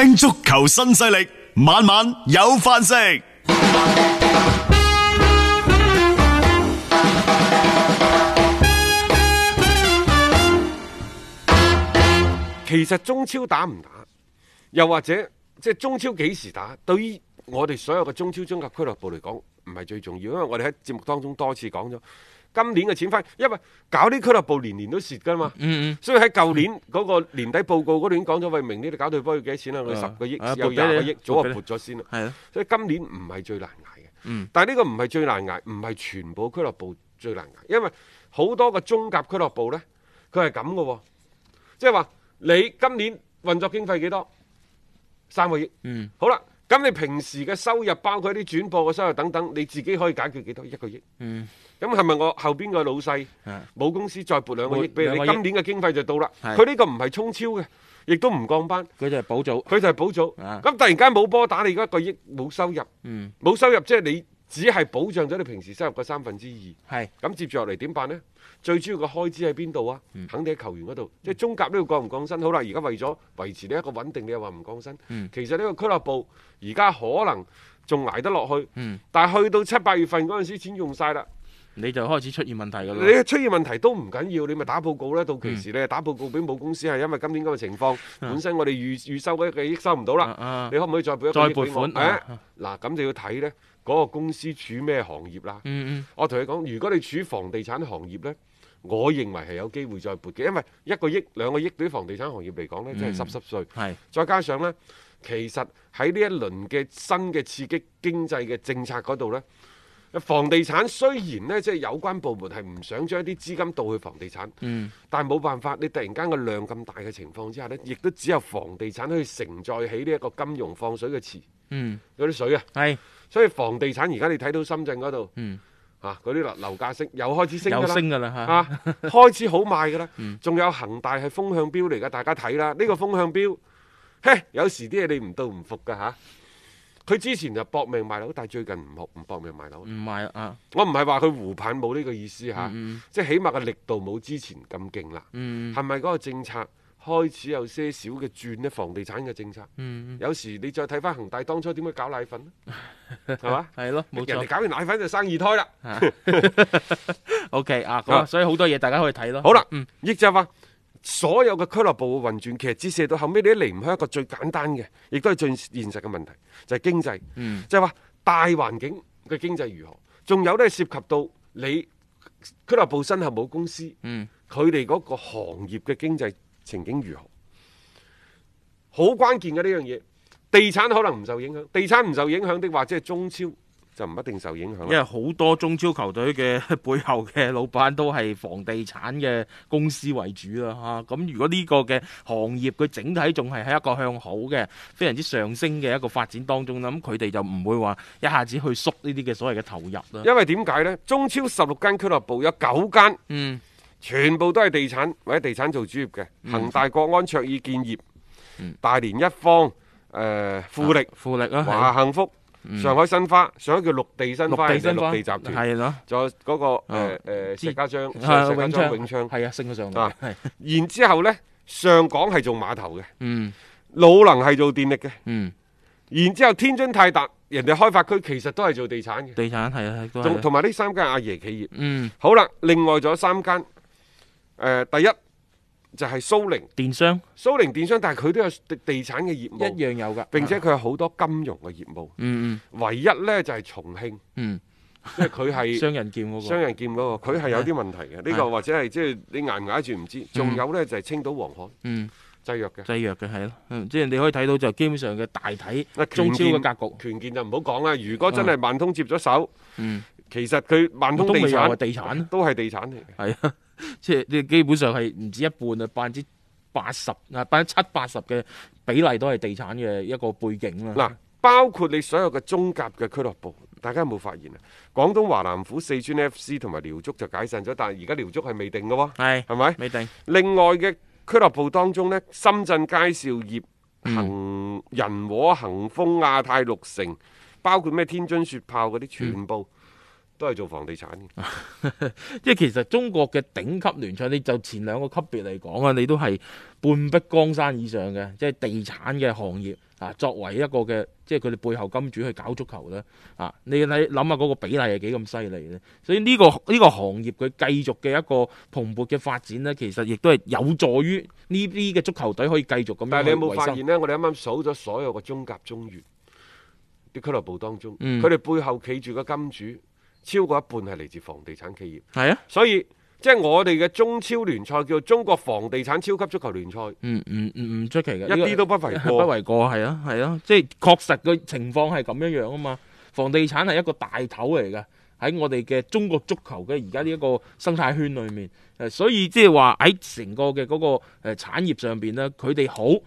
聽足球新勢力，晚晚有飯食。其實中超打唔打，又或者即係中超幾時打，對於我哋所有嘅中超中甲俱樂部嚟講，唔係最重要，因為我哋喺節目當中多次講咗。今年嘅錢翻，因為搞啲俱樂部年年都蝕噶嘛，所以喺舊年嗰個年底報告嗰度已經講咗，為明呢度搞隊波要幾多錢啊？佢十個億，有廿個億，早就撥咗先啦。所以今年唔係最難捱嘅，但係呢個唔係最難捱，唔係全部俱樂部最難捱，因為好多個中甲俱樂部咧，佢係咁嘅，即係話你今年運作經費幾多？三個億。嗯。好啦，咁你平時嘅收入，包括啲轉播嘅收入等等，你自己可以解決幾多？一個億。嗯。咁係咪我後邊個老細母公司再撥兩個億俾你？今年嘅經費就到啦。佢呢個唔係衝超嘅，亦都唔降班，佢就係保組，佢就係保組。咁突然間冇波打，你而家一個億冇收入，冇收入即係你只係保障咗你平時收入嘅三分之二。咁接住落嚟點辦呢？最主要嘅開支喺邊度啊？肯定喺球員嗰度。即係中甲呢個降唔降薪？好啦，而家為咗維持你一個穩定，你又話唔降薪。其實呢個俱樂部而家可能仲捱得落去，但係去到七八月份嗰陣時，錢用晒啦。你就開始出現問題㗎啦！你出現問題都唔緊要，你咪打報告咧。到時時你、嗯、打報告俾母公司係因為今年咁嘅情況，嗯、本身我哋預預收嗰個億收唔到啦。啊啊你可唔可以再撥一啲撥款、啊？誒、啊，嗱、啊，咁就要睇呢嗰、那個公司處咩行業啦。嗯嗯我同你講，如果你處房地產行業呢，我認為係有機會再撥嘅，因為一個億兩個億對房地產行業嚟講呢，真、就、係、是、濕濕碎。嗯啊、再加上呢，其實喺呢一輪嘅新嘅刺激經濟嘅政策嗰度呢。房地產雖然呢，即係有關部門係唔想將啲資金倒去房地產，但係冇辦法，你突然間個量咁大嘅情況之下呢，亦都只有房地產可以承載起呢一個金融放水嘅池，嗰啲水啊，係所以房地產而家你睇到深圳嗰度吓，嗰啲樓樓價升又開始升啦，升噶啦開始好賣噶啦，仲有恒大係風向標嚟噶，大家睇啦，呢個風向標，嘿，有時啲嘢你唔到唔服噶吓。佢之前就搏命賣樓，但係最近唔搏唔搏命賣樓，唔賣啊！我唔係話佢胡噴，冇呢個意思嚇、嗯啊，即係起碼個力度冇之前咁勁啦。係咪嗰個政策開始有些少嘅轉呢？房地產嘅政策，嗯、有時你再睇翻恒大當初點樣搞奶粉咧，係嘛 吧？係咯，冇錯，人哋搞完奶粉就生二胎啦。 OK 啊，咁所以好多嘢大家可以睇咯。好啦，嗯，益就話。所有嘅俱樂部嘅運轉，其實折射到後尾，你都離唔開一個最簡單嘅，亦都係最現實嘅問題，就係、是、經濟。嗯、就係話大環境嘅經濟如何，仲有咧涉及到你俱樂部身後母公司，佢哋嗰個行業嘅經濟情景如何，好關鍵嘅呢樣嘢。地產可能唔受影響，地產唔受影響的話，即係中超，就唔一定受影響，因為好多中超球隊嘅背後嘅老闆都係房地產嘅公司為主啦嚇。咁、啊、如果呢個嘅行業佢整體仲係喺一個向好嘅、非常之上升嘅一個發展當中啦，咁佢哋就唔會話一下子去縮呢啲嘅所謂嘅投入啦。因為點解呢？中超十六間俱樂部有九間，嗯，全部都係地產或者地產做主業嘅，恒大、國安、卓爾、建業、嗯、大連一方、誒、呃、富力、富力啊！Okay. 華夏幸福。上海申花，上海叫綠地申花定綠地集團，係咯。仲有嗰個誒誒，石家莊，啊，永昌，永昌，係啊，升咗上去，然之後咧，上港係做碼頭嘅，嗯，魯能係做電力嘅，嗯。然之後天津泰達，人哋開發區其實都係做地產嘅，地產係啊，都係。同埋呢三間阿爺企業，嗯，好啦，另外仲有三間，誒，第一。就係蘇寧電商，蘇寧電商，但係佢都有地地產嘅業務，一樣有噶，並且佢有好多金融嘅業務。嗯嗯，唯一咧就係重慶，嗯，即係佢係雙人劍嗰個，雙刃劍嗰個，佢係有啲問題嘅。呢個或者係即係你捱唔捱住唔知。仲有咧就係青島黃海，嗯，製藥嘅，製藥嘅係咯。嗯，即係你可以睇到就，基本上嘅大體，中超嘅格局。權健就唔好講啦。如果真係萬通接咗手，嗯，其實佢萬通地產都係地產嚟嘅。係啊。即係你基本上係唔止一半啦，百分之八十啊，百分之七八十嘅比例都係地產嘅一個背景啦。嗱，包括你所有嘅中甲嘅俱樂部，大家有冇發現啊？廣東華南虎、四川 FC 同埋遼足就解散咗，但係而家遼足係未定㗎喎。係？係咪？吧未定。另外嘅俱樂部當中呢，深圳佳兆業、恒人和、恒豐、亞泰、綠城，嗯、包括咩天津雪豹嗰啲，全部。嗯都係做房地產，即係 其實中國嘅頂級聯賽，你就前兩個級別嚟講啊，你都係半壁江山以上嘅，即係地產嘅行業啊，作為一個嘅，即係佢哋背後金主去搞足球咧啊，你諗下嗰個比例係幾咁犀利咧，所以呢、呢個呢、呢個行業佢繼續嘅一個蓬勃嘅發展咧，其實亦都係有助於呢啲嘅足球隊可以繼續咁。但係你有冇發現呢？我哋啱啱數咗所有嘅中甲、中乙啲俱樂部當中，佢哋、嗯、背後企住個金主。超過一半係嚟自房地產企業，係啊，所以即係、就是、我哋嘅中超聯賽叫中國房地產超級足球聯賽，嗯，嗯嗯嗯，唔出奇嘅，一啲都不為過，不為過係啊係啊，啊，即係確實嘅情況係咁樣一樣啊嘛，房地產係一個大頭嚟嘅，喺我哋嘅中國足球嘅而家呢一個生態圈裡面，誒，所以即係話喺成個嘅嗰個誒產業上邊咧，佢哋好。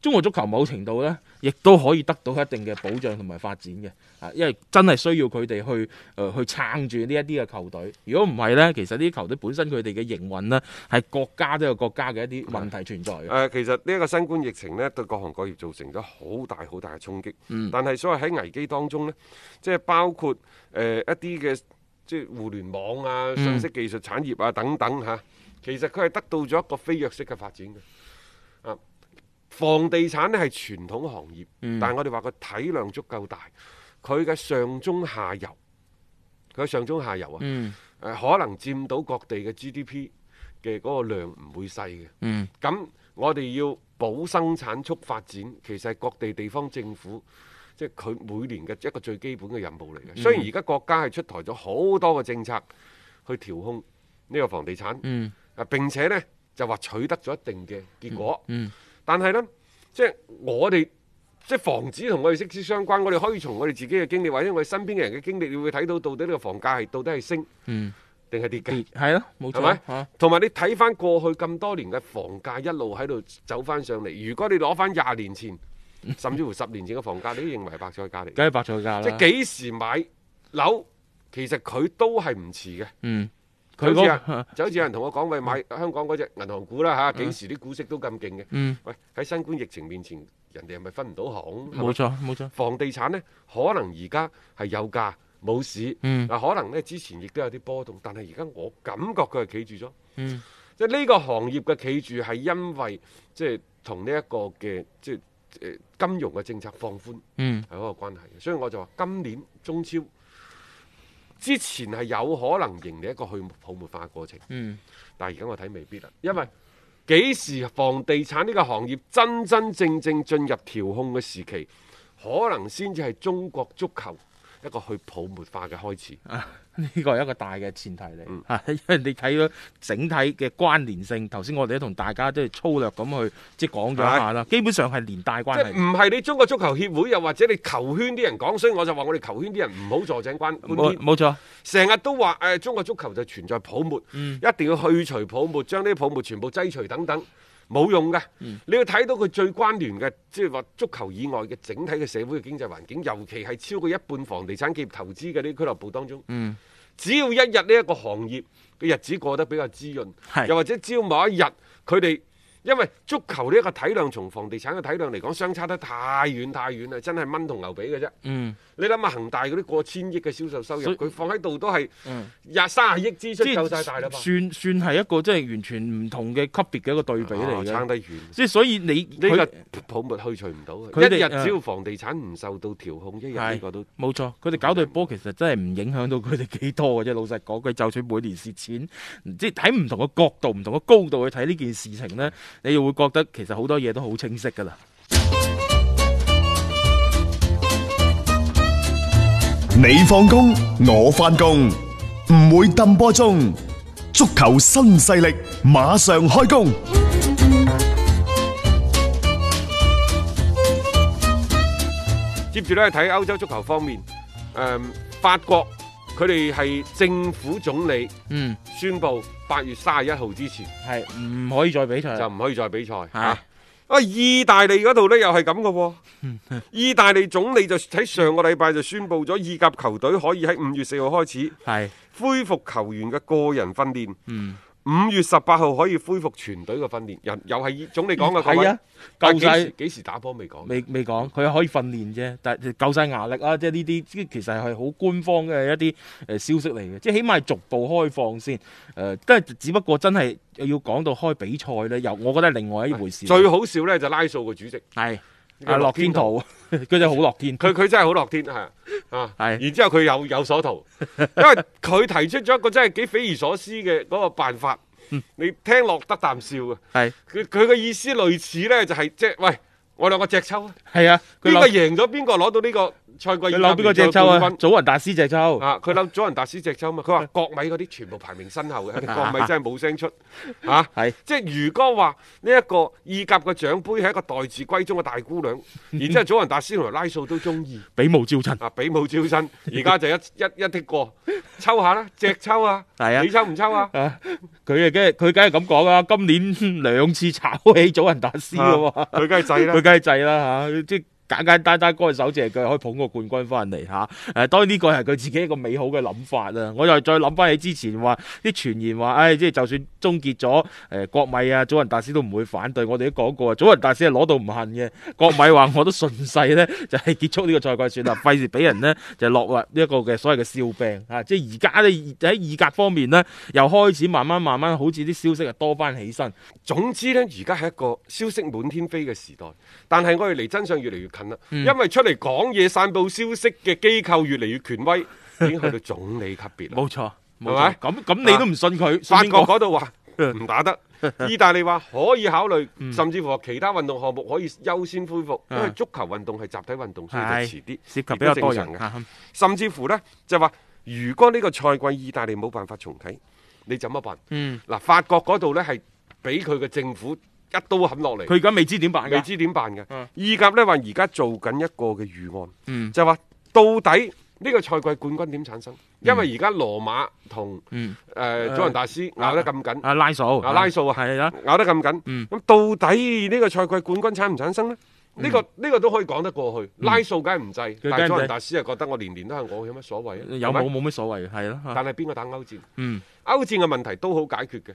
中國足球某程度呢，亦都可以得到一定嘅保障同埋發展嘅，啊，因為真係需要佢哋去，誒、呃，去撐住呢一啲嘅球隊。如果唔係呢，其實呢啲球隊本身佢哋嘅營運呢，係國家都有國家嘅一啲問題存在。誒、啊呃，其實呢個新冠疫情呢，對各行各業造成咗好大好大嘅衝擊。嗯、但係，所謂喺危機當中呢，即係包括誒、呃、一啲嘅即係互聯網啊、信息技術產業啊等等嚇、嗯啊，其實佢係得到咗一個飛躍式嘅發展嘅。啊。房地產咧係傳統行業，嗯、但係我哋話個體量足夠大，佢嘅上中下游，佢嘅上中下游啊，誒、嗯呃、可能佔到各地嘅 GDP 嘅嗰個量唔會細嘅。咁、嗯、我哋要保生產促發展，其實係各地地方政府即係佢每年嘅一個最基本嘅任務嚟嘅。嗯、雖然而家國家係出台咗好多嘅政策去調控呢個房地產，嗯、啊並且呢就話取得咗一定嘅結果。嗯嗯嗯但係呢，即係我哋即係房子同我哋息息相關。我哋可以從我哋自己嘅經歷，或者我哋身邊嘅人嘅經歷，你會睇到到底呢個房價係到底係升，定係、嗯、跌嘅。係冇、嗯、錯。係咪？同埋、啊、你睇翻過去咁多年嘅房價一路喺度走翻上嚟。如果你攞翻廿年前，甚至乎十年前嘅房價， 你都認為係白菜價嚟。梗係白菜價，即係幾時買樓，其實佢都係唔遲嘅。嗯。佢啊，就好似有人同我講，喂，買香港嗰隻銀行股啦嚇，幾時啲股息都咁勁嘅。嗯、喂，喺新冠疫情面前，人哋係咪分唔到行？冇錯，冇錯。房地產咧，可能而家係有價冇市。嗱、嗯，可能咧之前亦都有啲波動，但係而家我感覺佢係企住咗。即係呢個行業嘅企住係因為即係同呢一個嘅即係誒金融嘅政策放寬係、嗯、一個關係。所以我就話今年中超。之前係有可能迎嚟一個去泡沫化過程。嗯、但係而家我睇未必啦，因為幾時房地產呢個行業真真正正進入調控嘅時期，可能先至係中國足球一個去泡沫化嘅開始。啊呢個係一個大嘅前提嚟，嚇、嗯，因為你睇咗整體嘅關聯性。頭先我哋都同大家都係粗略咁去即係講咗下啦，的基本上係連帶關係。唔係你中國足球協會又或者你球圈啲人講，所以我就話我哋球圈啲人唔好坐井關。冇冇錯，成日都話誒、呃、中國足球就存在泡沫，嗯、一定要去除泡沫，將啲泡沫全部擠除等等。冇用嘅，嗯、你要睇到佢最關聯嘅，即係話足球以外嘅整體嘅社會嘅經濟環境，尤其係超過一半房地產企業投資嘅呢俱樂部當中，嗯、只要一日呢一個行業嘅日子過得比較滋潤，是又或者只要某一日佢哋。因為足球呢一個體量，從房地產嘅體量嚟講，相差得太遠太遠啦，真係蚊同牛比嘅啫。嗯，你諗下恒大嗰啲過千億嘅銷售收入，佢放喺度都係廿卅億支出夠晒大啦。算算係一個即係完全唔同嘅級別嘅一個對比嚟嘅，差得遠。即係所以你呢個泡沫去除唔到，一日只要房地產唔受到調控，一日呢個都冇錯。佢哋搞對波其實真係唔影響到佢哋幾多嘅啫。老實講，佢就算每年蝕錢，即係喺唔同嘅角度、唔同嘅高度去睇呢件事情咧。你又會覺得其實好多嘢都好清晰㗎喇！你放工，我返工，唔會揼波鐘。足球新勢力馬上開工。接住咧睇歐洲足球方面，誒法國。佢哋係政府總理，嗯，宣布八月三十一號之前係唔可，可以再比賽，就唔可以再比賽嚇啊，意大利嗰度呢又係咁嘅喎， 意大利總理就喺上個禮拜就宣布咗意甲球隊可以喺五月四號開始係恢復球員嘅個人訓練。啊、嗯。五月十八號可以恢復全隊嘅訓練，人又係總理講嘅。係啊，夠曬幾時打波未講？未未講，佢可以訓練啫。但係夠晒壓力啊！即係呢啲，呢啲其實係好官方嘅一啲誒消息嚟嘅。即係起碼逐步開放先。誒、呃，即係只不過真係要講到開比賽咧，又我覺得係另外一回事。最好笑咧，就拉數個主席係，係樂天圖，佢真係好樂天，佢佢真係好樂天，係啊，係、 啊。然之後佢有有所圖，因為佢提出咗一個真係幾匪夷所思嘅嗰個辦法，嗯、你聽落得啖笑啊！係，佢佢嘅意思類似咧，就係、是、即係喂，我兩個隻抽啊，係啊，邊個贏咗，邊個攞到呢、這個。佢扭邊個隻抽啊？祖雲達斯隻抽啊！佢扭祖雲達斯隻抽嘛？佢話國米嗰啲全部排名身後嘅，國米真係冇聲出嚇。係即係如果話呢一個意甲嘅獎杯係一個待字閨中嘅大姑娘，然之後祖雲達斯同埋拉素都中意。比武招親啊！比武招親，而家就一一一踢過抽下啦，隻抽啊！係啊，你抽唔抽啊？佢啊，梗係佢梗係咁講啦。今年兩次炒起祖雲達斯嘅喎，佢梗係制啦，佢梗係制啦嚇，即係。簡簡單單歌手借腳可以捧個冠軍翻嚟吓，誒、啊、當然呢個係佢自己一個美好嘅諗法啊！我又再諗翻起之前話啲傳言話，唉、哎、即係就算終結咗誒、呃、國米啊，祖雲達斯都唔會反對，我哋都講過啊，祖雲達斯係攞到唔幸嘅，國米話我都順勢咧就係、是、結束呢個賽季算啦，費事俾人呢，就落落呢一個嘅所謂嘅笑柄吓，即係而家咧喺意甲方面呢，又開始慢慢慢慢好似啲消息啊多翻起身，總之呢，而家係一個消息滿天飛嘅時代，但係我哋離真相越嚟越因為出嚟講嘢、散布消息嘅機構越嚟越權威，已經去到總理級別啦。冇錯，係咪？咁咁你都唔信佢？法國嗰度話唔打得，意大利話可以考慮，甚至乎其他運動項目可以優先恢復，因為足球運動係集體運動，所以遲啲涉及比較多人嘅。甚至乎呢，就話如果呢個賽季意大利冇辦法重啟，你怎麼辦？嗱，法國嗰度呢，係俾佢嘅政府。一刀砍落嚟，佢而家未知點辦未知點辦嘅。意甲咧話而家做緊一個嘅預案，就係話到底呢個賽季冠軍點產生？因為而家羅馬同誒祖雲達斯咬得咁緊，阿拉素，阿拉素啊，係咯，咬得咁緊。咁到底呢個賽季冠軍產唔產生咧？呢個呢個都可以講得過去，拉素梗係唔制，但係祖雲達斯係覺得我年年都係我有乜所謂啊？有冇冇乜所謂嘅係咯？但係邊個打歐戰？嗯，歐戰嘅問題都好解決嘅。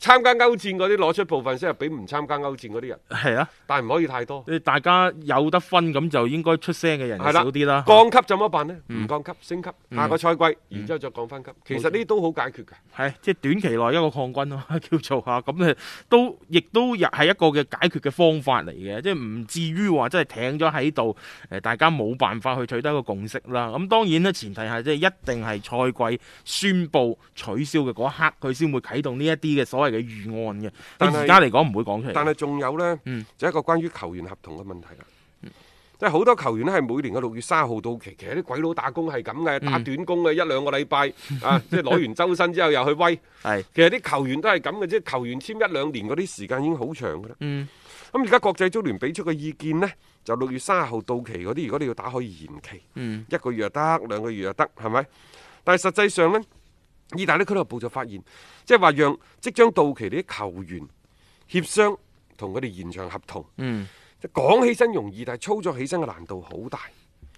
參加歐戰嗰啲攞出部分先係，俾唔參加歐戰嗰啲人係啊，但係唔可以太多。大家有得分咁就應該出聲嘅人少啲啦，啊。降級怎麼辦呢？唔、嗯、降級，升級，下個賽季，嗯、然之後再降翻級。嗯、其實呢啲都好解決嘅。係，即係短期內一個抗軍啊，叫做吓，啊，咁啊都亦都係一個嘅解決嘅方法嚟嘅，即係唔至於話即係停咗喺度。誒，大家冇辦法去取得一個共識啦。咁當然呢，啊，前提係即係一定係賽季宣佈取消嘅嗰刻，佢先會啟動呢一啲嘅所謂。係嘅預案嘅，但係而家嚟講唔會講出嚟。但係仲有呢，就一個關於球員合同嘅問題啦。即係好多球員咧，係每年嘅六月三十號到期，其實啲鬼佬打工係咁嘅，打短工嘅一兩個禮拜啊，即係攞完周薪之後又去威。係，其實啲球員都係咁嘅即係。球員簽一兩年嗰啲時間已經好長嘅啦。嗯，咁而家國際足聯俾出嘅意見呢，就六月三十號到期嗰啲，如果你要打可以延期。一個月又得，兩個月又得，係咪？但係實際上呢，意大利俱樂部就發現。即係話讓即將到期啲球員協商同佢哋延長合同。嗯、就講起身容易，但係操作起身嘅難度好大。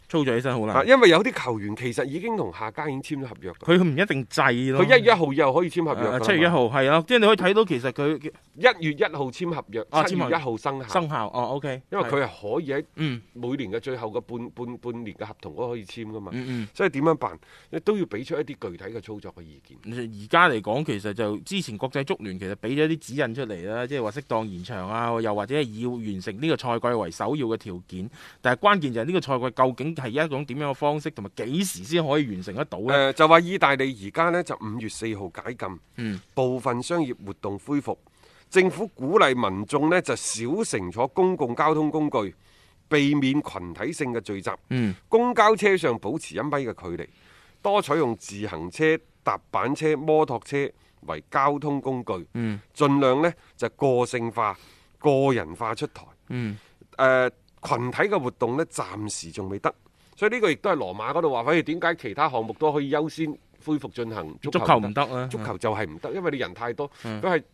操作起身好難，因為有啲球員其實已經同夏家已經簽咗合約，佢唔一定制咯。佢一月一號以後可以簽合約，七月一號係咯，即係你可以睇到其實佢一月一號簽合約，七月一號生效生效。哦、啊、，OK，因為佢係可以喺嗯每年嘅最後嘅半半、嗯、半年嘅合同都可以簽噶嘛。嗯嗯所以點樣辦？都要俾出一啲具體嘅操作嘅意見。而家嚟講，其實就之前國際足聯其實俾咗啲指引出嚟啦，即係話適當延長啊，又或者以完成呢個賽季為首要嘅條件。但係關鍵就係呢個賽季究竟。係一種點樣嘅方式，同埋幾時先可以完成得到咧、呃？就話意大利而家呢，就五月四號解禁，嗯、部分商業活動恢復，政府鼓勵民眾呢，就少乘坐公共交通工具，避免群體性嘅聚集。嗯、公交車上保持一米嘅距離，多採用自行車、踏板車、摩托車為交通工具。嗯、盡量呢就個性化、個人化出台。誒、嗯。呃群體嘅活動咧，暫時仲未得，所以呢個亦都係羅馬嗰度話費。哎，點解其他項目都可以優先恢復進行？足球唔得啊！足球就係唔得，因為你人太多。都係、嗯。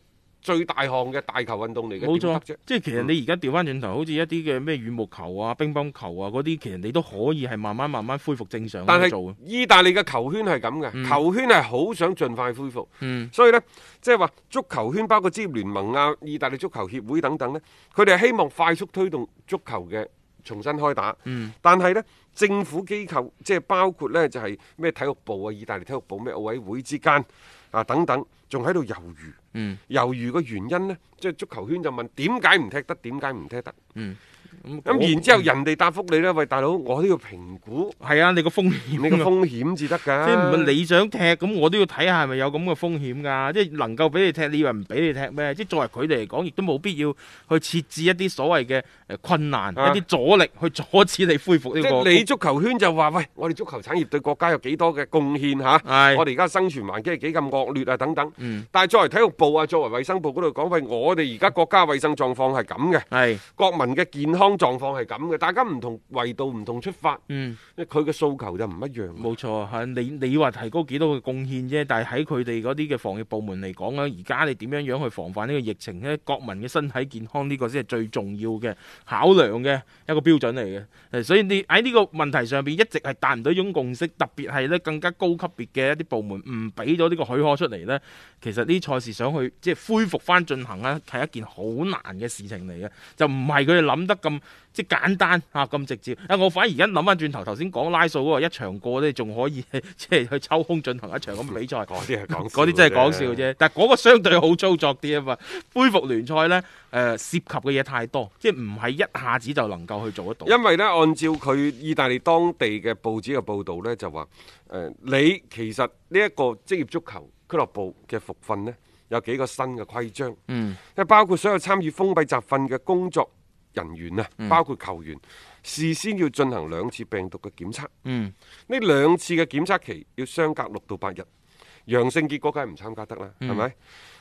最大項嘅大球運動嚟嘅，冇錯錯。即係其實你而家調翻轉頭，好似、嗯、一啲嘅咩羽毛球啊、乒乓球啊嗰啲，其實你都可以係慢慢慢慢恢復正常去做。但係意大利嘅球圈係咁嘅，嗯、球圈係好想盡快恢復。嗯，所以呢，即係話足球圈，包括職業聯盟啊、意大利足球協會等等呢，佢哋係希望快速推動足球嘅重新開打。嗯，但係呢，政府機構即係包括呢，就係、是、咩體育部啊、意大利體育部咩奧委會之間。啊！等等，仲喺度猶豫，嗯、猶豫個原因呢，即係足球圈就問點解唔踢得，點解唔踢得？嗯咁、嗯、然之後人哋答覆你咧，喂大佬，我呢個評估係啊，你個風險，你個風險至得噶，即係唔係你想踢咁，我都要睇下係咪有咁嘅風險噶、啊，即係能夠俾你踢，你以為唔俾你踢咩？即係作為佢哋嚟講，亦都冇必要去設置一啲所謂嘅誒困難，啊、一啲阻力去阻止你恢復呢、這個。你，你足球圈就話喂，我哋足球產業對國家有幾多嘅貢獻吓是、啊，我哋而家生存環境幾咁惡劣啊等等。嗯、但係作為體育部啊，作為衛生部嗰度講喂，我哋而家國家衛生狀況係咁嘅，係是是國民嘅健康。狀況係咁嘅，大家唔同維度、唔同出發，嗯，佢嘅訴求就唔一樣。冇錯，吓你你話提高幾多嘅貢獻啫，但係喺佢哋嗰啲嘅防疫部門嚟講咧，而家你點樣樣去防範呢個疫情呢，國民嘅身體健康呢個先係最重要嘅考量嘅一個標準嚟嘅。所以你喺呢個問題上邊一直係達唔到一種共識，特別係咧更加高級別嘅一啲部門唔俾咗呢個許可出嚟呢，其實呢賽事想去即係、就是、恢復翻進行呢係一件好難嘅事情嚟嘅，就唔係佢哋諗得咁。即係簡單嚇咁直接，啊！我反而家諗翻轉頭，頭先講拉數嗰個一場過呢仲可以即係去抽空進行一場咁比賽。嗰啲係講，嗰啲真係講笑啫。但係嗰個相對好操作啲啊嘛。恢復聯賽呢，誒、呃、涉及嘅嘢太多，即係唔係一下子就能夠去做得到。因為呢，按照佢意大利當地嘅報紙嘅報導呢，就話誒你其實呢一個職業足球俱樂部嘅復訓呢，有幾個新嘅規章，嗯，即包括所有參與封閉集訓嘅工作人員啊，包括球員，嗯、事先要進行兩次病毒嘅檢測。呢、嗯、兩次嘅檢測期要相隔六到八日，陽性結果梗係唔參加得啦，係咪、嗯？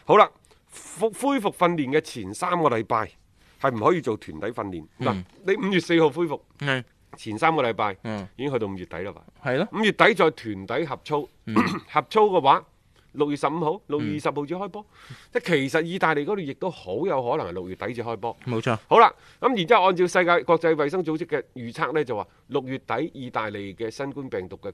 好啦，復恢復訓練嘅前三個禮拜係唔可以做團體訓練嗱。嗯、你五月四號恢復，是前三個禮拜是已經去到五月底啦，嘛係咯。五月底再團體合操，咳咳合操嘅話。六月十五號，六月二十號先開波。即、嗯、其實意大利嗰度亦都好有可能係六月底先開波。冇錯錯。好啦，咁然之後按照世界國際衞生組織嘅預測呢，就話六月底意大利嘅新冠病毒嘅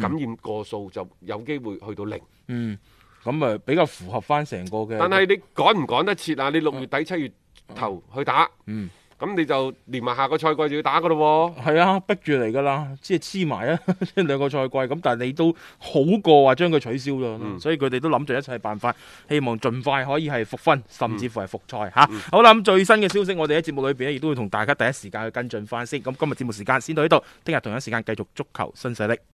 感染個數就有機會去到零。嗯。咁、嗯、啊、嗯嗯嗯，比較符合翻成個嘅。但係你趕唔趕得切啊？你六月底七、嗯、月頭去打。嗯。嗯。咁你就連埋下個賽季就要打噶咯喎，係啊，逼住嚟噶啦，即係黐埋啊，兩 個賽季咁，但係你都好過話將佢取消咗，嗯、所以佢哋都諗住一切辦法，希望盡快可以係復訓，甚至乎係復賽吓。啊嗯、好啦，咁最新嘅消息，我哋喺節目裏邊咧，亦都會同大家第一時間去跟進翻先。咁今日節目時間先到呢度，聽日同一時間繼續足球新勢力。